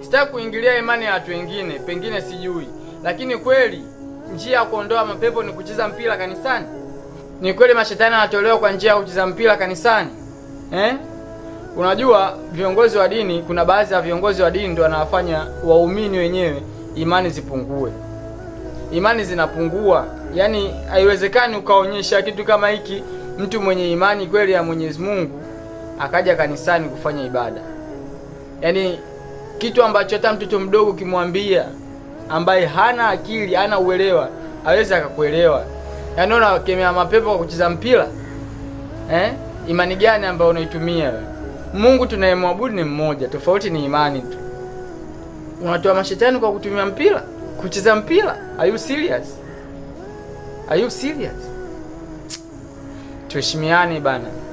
Sitaki kuingilia imani ya watu wengine, pengine sijui, lakini kweli njia ya kuondoa mapepo ni kucheza mpira kanisani? Ni kweli mashetani anatolewa kwa njia ya kucheza mpira kanisani eh? Unajua viongozi wa dini, kuna baadhi ya viongozi wa dini ndio wanawafanya waumini wenyewe imani zipungue. Imani zinapungua, yaani haiwezekani ukaonyesha kitu kama hiki, mtu mwenye imani kweli ya Mwenyezi Mungu akaja kanisani kufanya ibada, yaani kitu ambacho hata mtoto mdogo ukimwambia, ambaye hana akili hana uelewa, hawezi akakuelewa. Yaani unakemea mapepo kwa kucheza mpira eh? Imani gani ambayo unaitumia wewe? Mungu tunayemwabudu ni mmoja, tofauti ni imani tu. Unatoa mashetani kwa kutumia mpira, kucheza mpira. Are you serious? Are you serious? Tuheshimiane bana.